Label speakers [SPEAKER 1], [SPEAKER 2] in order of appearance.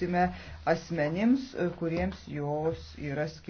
[SPEAKER 1] skirstime asmenims, kuriems jos yra skirtos.